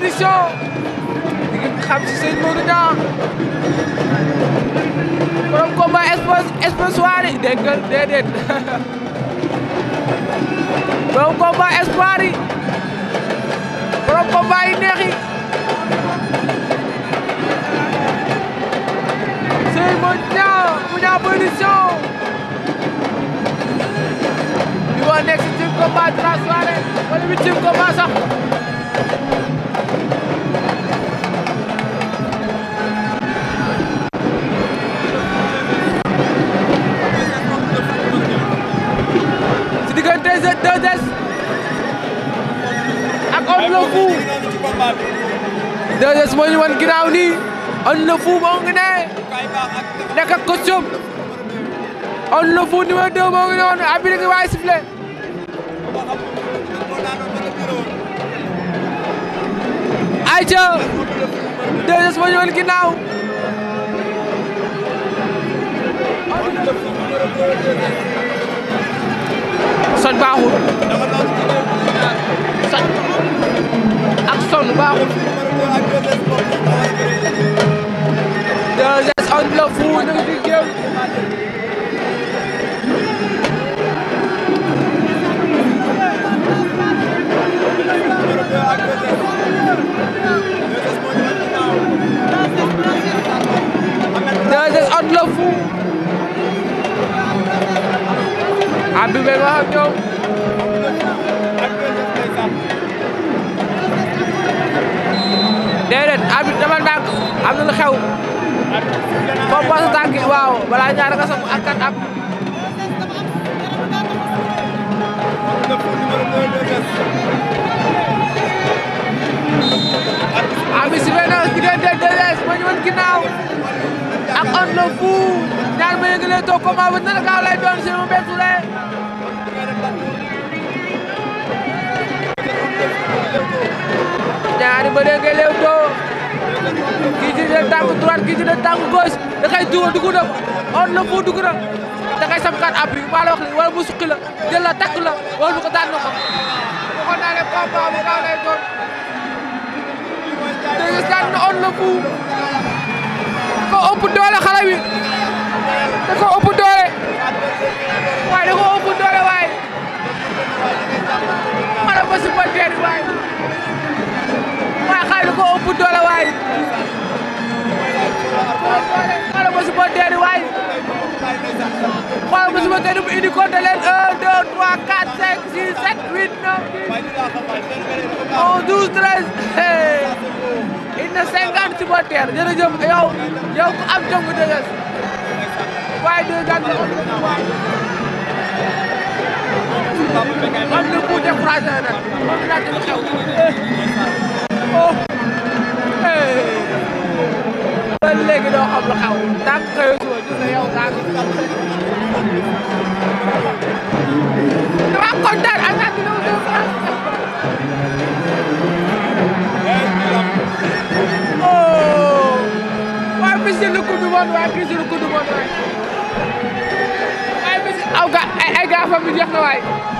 production xam si sëñ Modou Niang borom combat espoir yi dégg nga déedéet borom combat espoir yi borom combat yi neex yi sëñ Modou Niang mu Niang production di ko nekk si combat transparent wala huitième combat sax 2S moo ñu wan ginnaaw nii on le moo ngi ne nekk ak costume on le fou numéro moo ngi ne woon abiri ngi waay sifflé ayca 2 wan ginnaaw 2S on the food in the game. Deux S on the food. Abi ben wax ak ñoom. déedéet arbitre dama ndànk am na lu xew foofu boo sa tànk waaw balaa ñaar nga soog ak kat ab abi si fee na diggante Deles ma ñu woon ginnaaw ak on le fou ñaar ma yëngalee toog combat bu nar a gaaw lay doon si ma bettulee ñaari mbër ngay leewtoo kii ci de tànku droite kii ci de tànku gauche da koy dugal dugg na on na foo dugg da koy samkaat abri maa la la jël la takk la wala mu ko daan na ko waxoon naa ne combat bu ko ëpp doole xale wi da ko ëpp doole waaye da ko xool ko suba kenn mu indi compté leen 1 2 3 4 5 6 7 8 9 10 11 12 13 indi na 50 supporters jërëjëf yow yow ku am jom bu dëgës waaye doo gàddu waay. am na ku découragé nag moom laa gën a xew. oh. ba léegi doo xam lu xew. daa ko xëyoo suba gis nga yow daa ko. waaw kii si lu gudd moom waay ay bis aw ga ay ay gaafam bi jeex na waay.